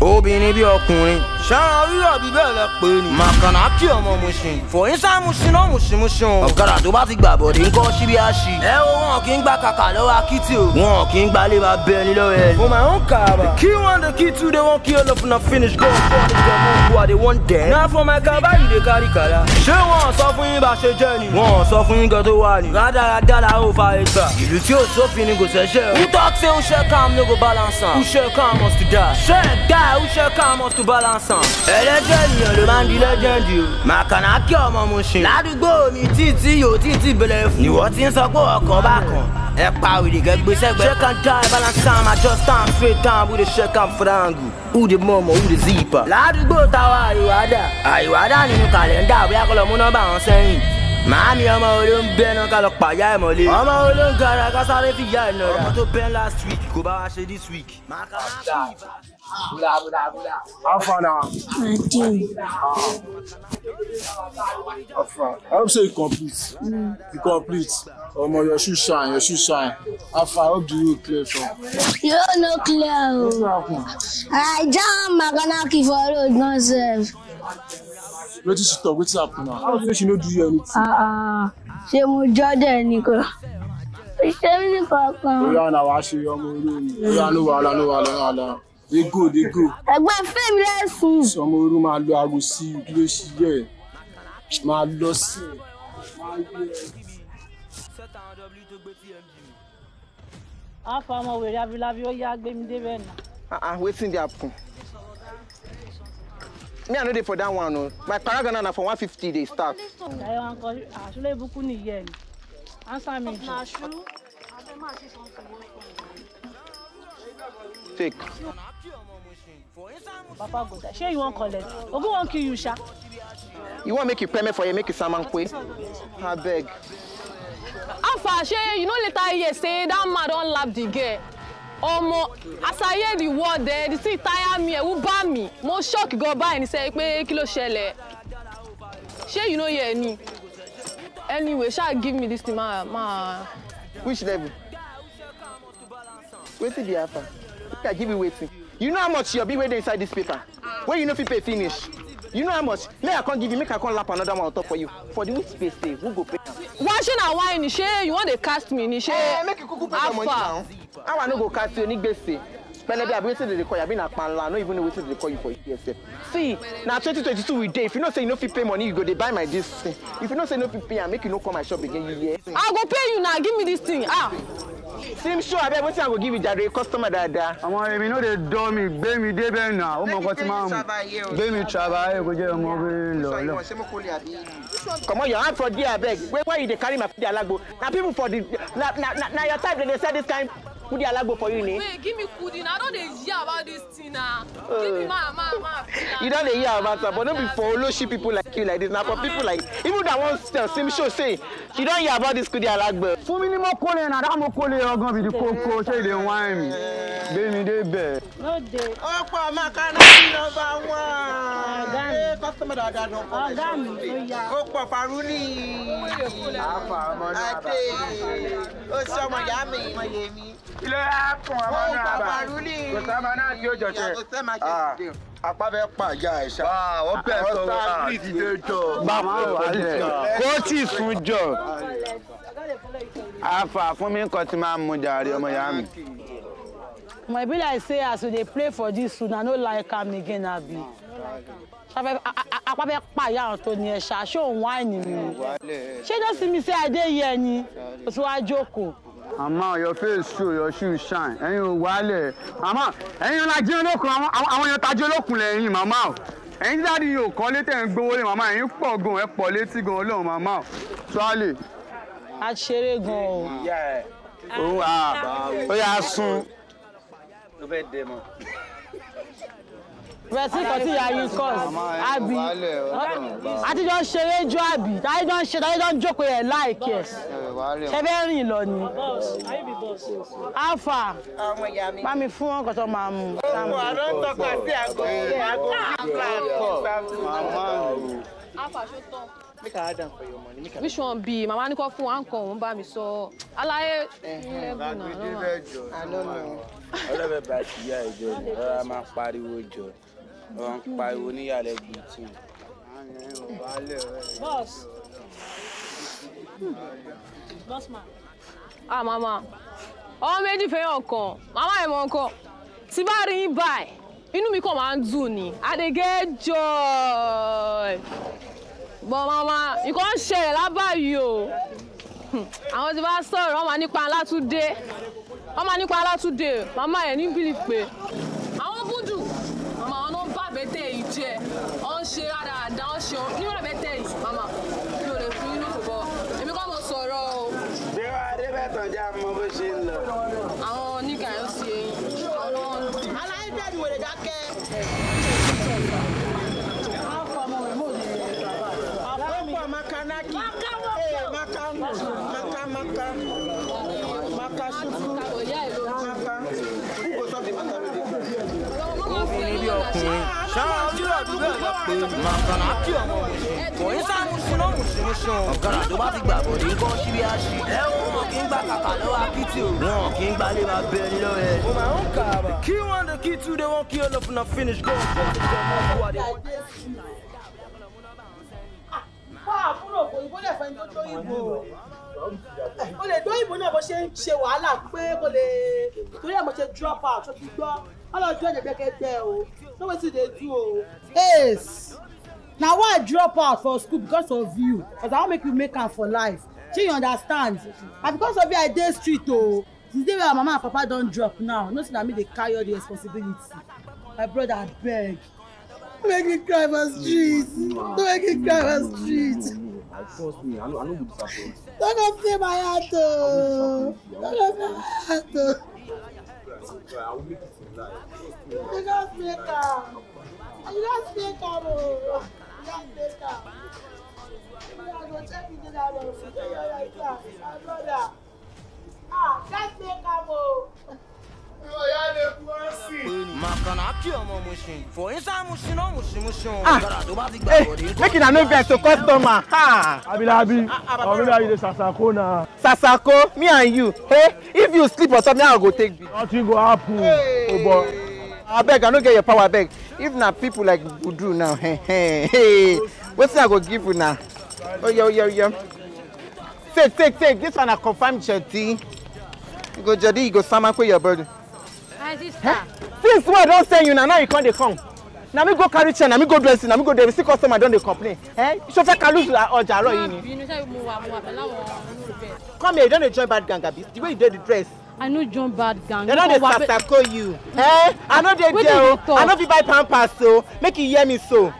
obìnrin bí ọkùnrin. ṣẹ́ran rírọ̀ bí bẹ́ẹ̀ lẹ pé ni. màkànà kí ọmọ Mùṣìn. fòyín sá Mùṣìn náà Mùṣìn Mùṣìn o. ọ̀kadà tó bá ti gbà bọ̀dé ńkọ́ síbi àṣì. ẹ o wọn kì í gba kàkà lọ́wọ́ akitì o. wọn kì í gba lè máa bẹ ẹni lọ́wọ́ ẹni. for my own kaba. the key one the key two they wan kill of na finish go on for the jọmọ who are the for my kaba you dey carry kala. ṣé wọn sọ fún yín bá ṣe jẹ́ ni. wọn sọ fún yín gan tó wà ní. rádaràdà la ó fa ẹgbà. ìlú tí Say who shall come, no go balance on. Who shall come us to die? Shall die, who shall come us to balance on? A legend, you're the man, the legend, you. Makana kí ọmọ mu ṣe. Ládùúgbò mi títí yóò títí bẹ̀rẹ̀ fún. Ìwọ ti ń sọ pé ọkàn bá kàn. Ẹ pa òrì gẹ́gbẹ́ sẹ́gbẹ́. Check and die, balance am, adjust am, straight am, who dey check am for the angle. Who dey mọ̀mọ́, who dey zipper. Ládùúgbò táwa àyíwádà. Àyíwádà nínú kàlẹ́ndà, bóyá kọ́ lọ mú nọ́mbà wọn sẹ́yìn màámi ọmọ olóhùn bẹ́ẹ̀nà ká lọ pàyà ẹ̀ mọ́lé ọmọ olóhùn gara ká sáré fi yá ẹ̀ nà rà ọmọ tó bẹ́ẹ̀ last week kò bá wa ṣe this week. How far now? Nineteen. How far? I hope say you complete. Mm. You complete. Omo, your shoe shine, your shoe shine. How far? I hope the road clear from. You don't know clear o. I jam Makanaki for road, no sef wetin she talk wetin happen na how say she no do you anything. Ah, ah. ṣé mo jọ́ dẹ̀ ni kò ṣe ní kankan. bóyá na wàá ṣe ọmọ olóyún bóyá ló wàhálà ló wàhálà ló wàhálà dey go dey go. ẹgbẹ́ fẹ́mi lẹ́sùn. sọmọ orú máa lo aago sí i kí ló ṣe yẹ máa lọ sí i a fa ọmọ wèrè abilabi ó yá gbé mi débẹ̀ ah, wetin dey happen me i for that one o my paragana na for one fifty dey start. take. papa go die shey you wan collect ogun wan kill you sha. you wan make you payment for here make you saman pe I beg. far shey you know later hear say that man don't love the girl ọmọ hear the world eh, ẹ ẹni tí táyà mi ẹ̀wú bá mi mo shock gan báyìí ní sẹ́yìn pé kí ló ṣẹlẹ̀ ṣé you know yẹ ẹni anyway ṣáà give me this thing máa máa. which level wetin be happen make i give you wetin you know how much your bill wey dey inside this paper wey you no fit pay finish. You know how much? May I come give you, make I come lap another one on top for you. For the week space day, eh, who go pay? Washing and wine, Nishe, you want to cast me, Nishe? Hey, eh, make you cook pay your money I want to go cast you, Nick Bessie. Pẹlẹbi abi wetin dey dey call you abi na panla no even know wetin dey dey call you for here eh. sef. See na twenty twenty two we dey if you know say you no fit pay money you go dey buy my dis thing if you know say you no fit pay am make you no come my shop again you hear. I go pay you na give me dis thing ah sim sure abeg wetin i go give you jare customer dada. ọmọ èmi no dey dọ́ mi gbé mi débẹ̀ nà ó mọ nǹkan tí máa mú gbé mi travel ayé kò jẹ́ ọmọ bí lọ́lọ́. comot your hand for there abeg why you dey carry my food dey alagbo na people for the na na na your type dey dey sell this kind kudi alagbo for you ne. wait give me kudi na i don dey hear about this thing na. Uh, give me eh. ma ma ma. you don dey hear about am but no be for oloshi people like you like this na for people like even that one sell sim show say you don hear about this kudi alagbo. fún mi ní mo kólé na dá mo kólé ọgán bíi kókó ṣé ìdè wáìn mi bẹ́ẹ̀ni dé bẹ̀. lóde. ó pọ̀ máa ká náà sí nọ́mbà wọn. ọ̀gá mi kọ́sọ́mọ̀ dáadáa náà. ọ̀gá mi ó yá. ó pọ̀ faru ní. àfàmọ́ náà bàbá. àti oṣù ọmọ ìyá mi ilé àpọn àmọ́ náà fún mi nǹkan tí máa ń mu jàre ọmọ ìyá mi. ọmọ ìbí like say as we dey play for dis food i no like am again abi apá fẹ́ pààyà àwọn tó ní ẹ̀ṣá ṣé òun wáìnì mi ṣé no see me say i dey ni kò sí wá jókòó àmọ́ your face show your shoe shine ẹ̀yin ò wálẹ̀ àmọ́ ẹ̀yin ọ̀la jí olókun àwọn èèyàn tají olókun lẹ́yìn màmá o ẹ̀yin dáàdi yóò kọ́ létẹ̀ ń gbowó lé màmá ẹ̀yin pọ̀ gan ẹ̀ pọ̀ létí gan ọlọ́run màmá o tuwálè. a ṣeré gan o. ó yà á sùn. ló fẹ́ dẹ̀ bẹ̀rẹ̀ sí nǹkan tí ìyá yìí cause àbí àtijọ́ ń ṣeré jó àbí àtijọ́ ń ṣe àtijọ́ ń jókòó yẹn láìkí ẹ̀ ṣẹ́fẹ́ rìn lọ ni. alfa bá mi fún ọkọ̀ tó máa mú. owó àlọ́ ń tọ́ka sí àgọ́ àgọ́ fífà pọ̀. alfa ṣó tán. Which one be? Mama ni ko fún wa nkan òun bá mi sọ. Aláyé. Gbàgbé débẹ̀ jọ. I don't know. Ọlọ́bẹ̀ bá ti yá ìjọ ni, ọ̀rọ̀ a máa pariwo jọ ọ̀rọ̀ ń pariwo níyàlẹ́ gbùtù. boss boss ma. ah mama ọmọ méjì fẹ́ràn kan màmá ẹ̀ mọ̀ nǹkan tí bá rí yín báyìí inú mi kàn máa ń dùn ni i dey get joy but mama nǹkan ń ṣẹlẹ̀ lábàáyé o àwọn tí bá sọ̀rọ̀ wọ́n máa nípa alátúndé wọ́n máa nípa alátúndé màmá ẹ̀ ní bílí pé. maka maka maka ṣufu maka who go solve the matter with you. níbi ọkùnrin ṣáà ọdún àdúgbò ẹ̀yọ́ pé màkàrà kí ọmọ kò ní sáàmù síná mùsùlùmùsùn. ọ̀kadà tó bá ti gbà bòdì ń kọ́ síbi àṣì. ẹ ń wọn kí ń gbà kàkà lọ́wọ́ akitì wọn kì í gbalẹ̀ máa bẹ ẹni lọ́wọ́ ẹ. mo máa ń kà á bá. kí wọn dey kí two dey wan kí all of una finish go. ìbò o lè dó ìbò náà bó ṣe ń ṣe wàhálà pé kò lè torí ẹ̀ mo ṣe drop out ó ti gbọ́ ọlọ́run join the gbẹ́kẹ́gbẹ́ o no wetin dey do o. ace na why i drop out for school because of you because i wan make you make am for life shey you understand na because of you i dey street o since day wey our mama and papa don drop now no say na me dey carry all the responsibility my brother abeg no make me cry for street no make me cry for street. Trust me, I know, I know you disappoint. Don't go play my heart, Don't go play my heart, though. I will make it in life. You can't play calm. You can't play calm, oh. You can't play calm. You check it in that room. You can't play calm. My brother. Ah, that's Ah, eh, make una no vex to customer ah. abilabi obilabi dey sasako na. sasako me and you hey if you sleep or something i go take be. nothing go happen obo. Oh, abeg i no get your power abeg if na people like budu now wetin i go give una oyo oh, oyo oyo take take take this one na confam jodi you go jodi you go sama kwe your body my sister eh since wey i don't send you now, now you come dey come Now me go carry chair now me go dress, now me go dey see customer don dey complain eh sofa kalu ọjà àárọ̀ yìí ni. bínú sẹ́yìn mo come here you don join bad gang abi the way you the dress. i no join bad gang. They dem don dey call you. eh i no dey there o oh. i no fit buy pampers so oh. make you hear me so.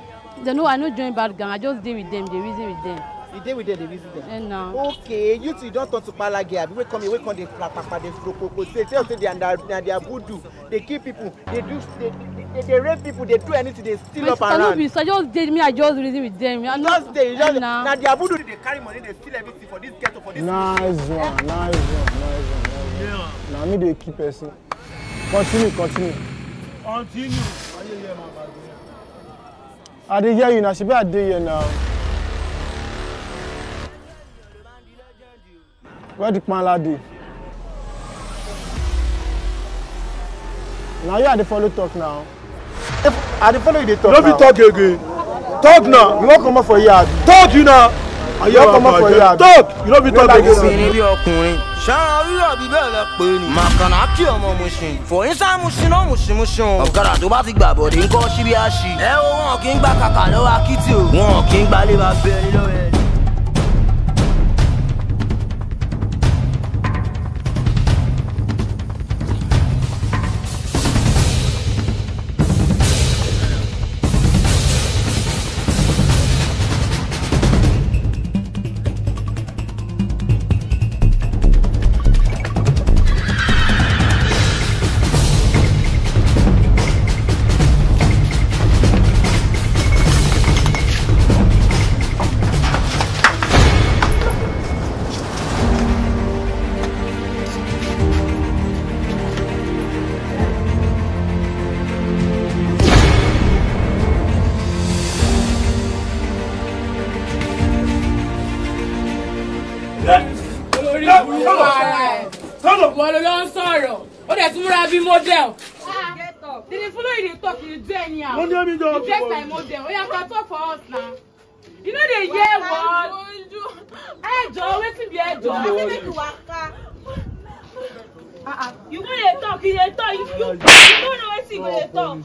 They know i no join bad gang i just deal with them. They reason with them you dey with them dey visit them. Yeah, uh, okay you two you don turn to palage abi wey come here wey come dey papapa dey prokoko say tell say na na their voodoo dey kill people dey do dey dey dey rape people dey do anything dey steal up and round. my sister so i just dey me i just reason with them. you just dey you just dey na their voodoo dey carry money dey steal everything for this ghetto for this. nice one nice one nice one nice one na me dey keep person continue continue. continue. i dey hear you na shebi i dey here now. where the panla lady? Now you are the follow talk now i the follow you dey talk Don't now no fit talk again talk now you come up for yard talk you now. na ah, you oh come up for yard talk you no be talk again. obìnrin bí ọkùnrin ṣáà bẹ́ẹ̀ lẹ pé ni. màkànà kí ọmọ musin fòyín sá musin náà musin musin o. ọ̀kadà tó bá ti gbà bọ̀dé ńkọ́ síbi àṣì. ẹ wo wọn kì í gba kàkà lọ́wọ́ akitì wọn kì í gbalé bá bẹ́ẹ̀ lọ́wọ́ ẹ̀. ló ń sọ̀rọ̀ ó dẹ̀ tún múra bí model. did you follow you dey talk you do anyhow you dress my model oya oh, ka talk for us na you no dey hear word ẹjọ wetin be ẹjọ. you no dey talk you dey talk you you no know wetin you go dey talk.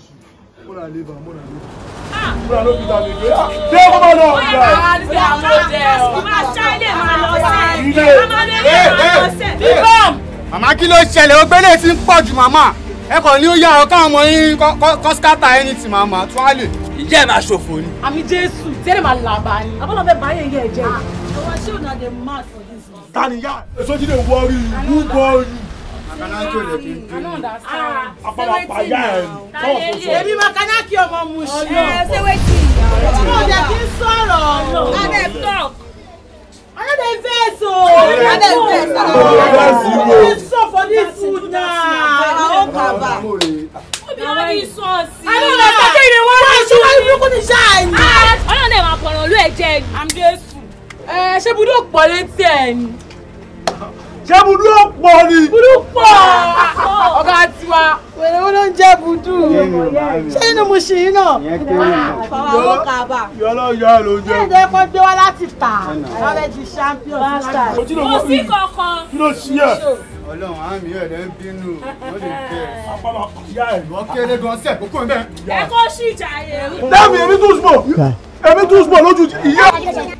Mora leba, mora leba. Ah! Mora ló fi tàbí gbé. Ṣé o máa lọ? Ó yẹ ká wá ní pé àwọn ọmọ ọdẹ ọ̀. Máa ṣáílẹ̀ máa lọ sẹ́ẹ̀. Ilé! Máa lọ sẹ́ẹ̀. Bíbọ̀m! màmá kí ló ṣẹlẹ̀ ó gbélé tí ń pọ̀ jù màmá ẹ kàn ní ó yá ọ káwọn ọmọ yín kọ́sítátà ẹni tì màmá tó á lè. ìyá ẹ̀ máa ṣòfò ni. àmì jésù tẹ́lẹ̀ máa là bá ni. abọ́lọ́ bẹ́ẹ̀ bá yẹn yẹ ẹ jẹ́ o. àwọn aṣọ òun àdè mad for this one. tani ya èso ti lè wọrí wú bọ́ọ̀lù. Makanaki olè kí n dé. Apapa pàyà ẹ̀ tọ́wọ̀ tó sọ. Èmi Makanaki ọmọ mu ṣe. Ẹ ṣe wé ti ìyàwó. Mo jẹ́ kí n sọ̀rọ̀. Adé talk dey vex o. I dey vex. I dey vex. You for dis food na. I wan kaba. No be only sauce. I no know say you dey wan rush me. Why you look at the shine? Ọlọ́run dẹ̀ máa pọ̀nà olú ẹ̀ jẹ́. I'm Jésù. Ẹ ṣé Budu pọ̀ létí ẹ̀ ni? Ṣé Budu pọ̀ ni? Budu pọ̀. Ọ̀gá tiwa wèrè wọn ló ń jẹ́ budu ṣé inú mu ṣì yín náà ah, fọwọ́ kaba yọlọ yọ ló jẹ. ṣé ìdè kò gbé wá láti tà lọ́lẹ̀ di champion. mo sí kankan. kí ló ṣí ẹ. Ọlọ́run àmì ẹ lẹ ń bínú wọn lè fẹ apáma ìyá ẹ lọ kéré gan sẹ kókó ń bẹ. ẹ kó ṣì jà yẹn. dábì èmi tún sùpọ̀ èmi tún sùpọ̀ lójú ìyá.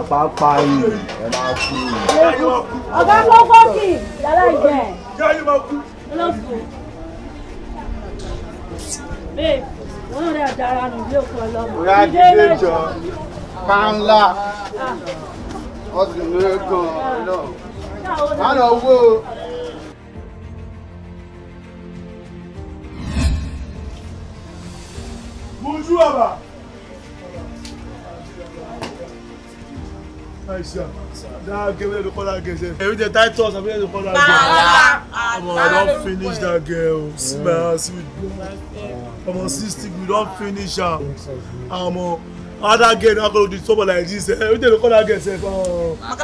apapa yìí ẹ máa kú yìí. ọ̀gá jalan je. yàrá ìjẹ́ olóṣù. bẹ́ẹ̀ wọ́n rẹ̀ dára nù bí òkú ọlọ́mọ. ìdí ilé jọ pàǹlà ah. ọ̀sìn ló gan-an ah. náà. má lọ wó o. Bonjour, Abba. myself. That girl wey dey call that girl sef. Èmi dey titus àbí dey call that girl. Omo I don finish that girl. See my ass with blood. Omo sixty we don finish am. Omo other girl na go do something like this. Every Èmi dey call that girl sef.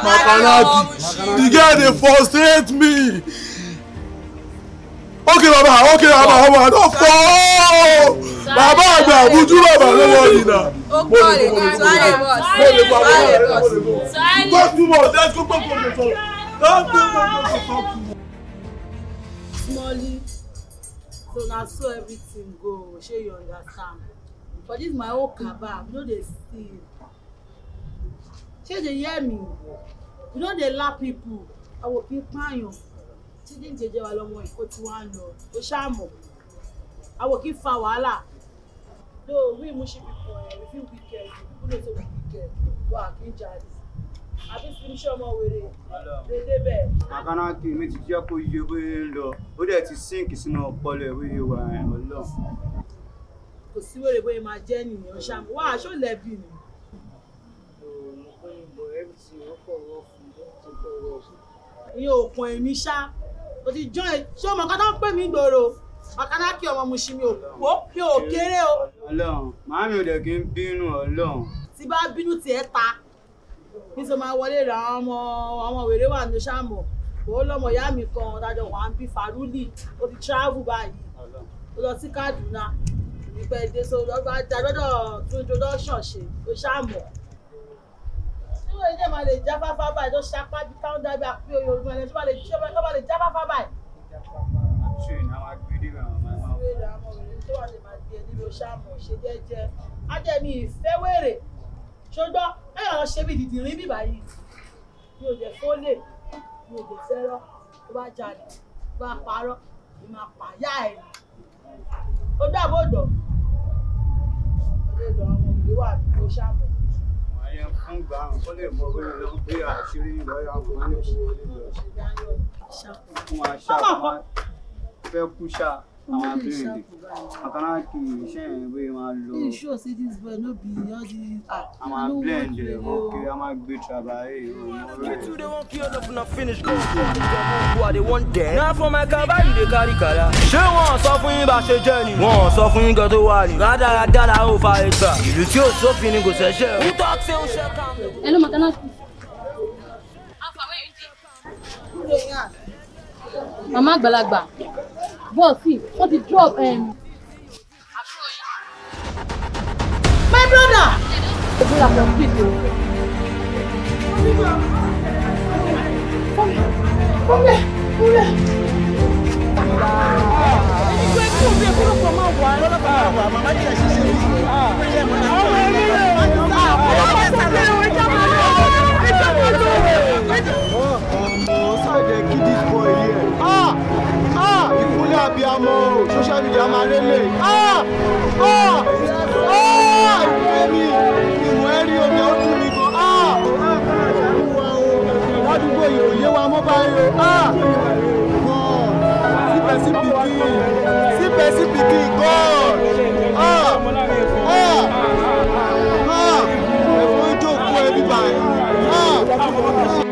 Makanaki. The girl they frustrate me. Okay baba okay baba omo I don fall bàbá àgbà àbújú bàbá lọ́wọ́ ìdìnnà. ó kọ́ lè bọ̀ sọ́ọ́lẹ̀ bọ̀ sọ́ọ́lẹ̀ bọ̀ sọ́ọ́lẹ̀ bọ̀ sọ́ọ́lẹ̀ bọ̀ sọ́ọ́lẹ̀ bọ̀ sọ́ọ́lẹ̀ bọ̀ Smally, so na so everything go, shey you understand. For this my own kabab, no dey steal. Shey dey hear me? You no dey laugh people. Àwọn òfin pààyàn. Ṣé jẹ́ ìjẹjẹ wa lọ́mọ ìkó tí wọ́n á lọ? Ó ṣáà mọ̀. Àwọn òkè fa wàhálà. Though eh, we must be poor. mushy people, everything wicked, people don't say wicked, work, injuries. àbí finiṣẹ́ ọmọ wèrè dédé bẹ́ẹ̀. àkànná kì í mi ti jẹ́ kó yẹ bó yẹ ń lọ ó dẹ̀ ti sínkì sínú ọpọlọ ẹ̀ wíyẹ wà ẹ̀ ọlọ́. kò sí wèrè bóyá máa jẹ́ nìyẹn ṣáà wá aṣọ lẹ́bi ni. ìyẹn òkun èmi ṣá o ti jọ́ ẹ̀ ṣé o mọ̀ kátó ń pè mí gbòòrò. Ọ̀kánákì ọmọ Mùsùlùmí ò wò mi ò kéré o. Ọlọ́run màámi ò dẹ̀ kí n bínú Ọlọ́run. Tí bá bínú tiẹ̀ ta, ní sọ máa wọlé ra ọmọ ọmọ wèrè wà ní sàmù. Òun lọmọ ìyá mi kan ọ̀dájọ́ wà ń bí Fàrúlì, ó ti travel báyìí. Ó lọ sí Kaduna, ìpẹ́ èdè so lọ́gbà jà lọ́dọ̀ tó ń jodọ́ ó sàmù. Tí wọ́n máa lè jáfáfá báyìí, tó ṣapá bí táwọn dábìá pé Yorùbá lè jáfáfá báyìí béèrè àwọn obìnrin tó wà lè máa gbé ẹni ló ṣàmọ̀ ṣe jẹ́jẹ́ ájẹmí ìfẹ́ wèrè ṣùgbọ́n ẹ yàn ṣe bí dìdì rí bíbá yìí mi ò lè fólè mi ò lè fẹ́rọ́ tó bá jalè tó bá parọ́ mi máa pààyà ẹ̀ ó dàbòdò ọ̀dẹ̀dọ̀ àwọn obìnrin wà ló ṣàmọ̀. àyẹ̀ fún gbà kan fẹ́ kú ṣáà àwọn abirinde àkàrà kì í ṣe ẹ̀ wé máa lọ. he show say this boy no be all the. àwọn abirinde ok a máa gbé trabaye ìròyìn ọ̀rẹ́. na for my car báyìí dey carry kara. ṣé wọ́n sọ fún yín bá ṣe jẹ́ ni. wọ́n sọ fún yín gan tó wà ní. rádaràdà la ó fa ìgbà. ìlú tí ò sófin ni kò ṣẹ̀ṣẹ̀. who talk say ó ṣe kàn. ẹ ló mọ̀ tán náà. màmá àgbàlagbà bọ́ọ̀sì wọ́n ti drop. my brother. Come here, come here, come here. Come here. kọ́mẹ̀. ọmọ ẹni rẹ̀. abiyamọ o social media máa lélẹ ah ah ah ìwé mi ìwọ ẹ rí omi ó dùn mí gan ah ládùúgbò yìí òye wa mọ báyìí o ah gan síbẹ̀síbìkì síbẹ̀síbìkì gan ah ah ah ẹ̀fọn ìjókòó ẹbí báyìí ah.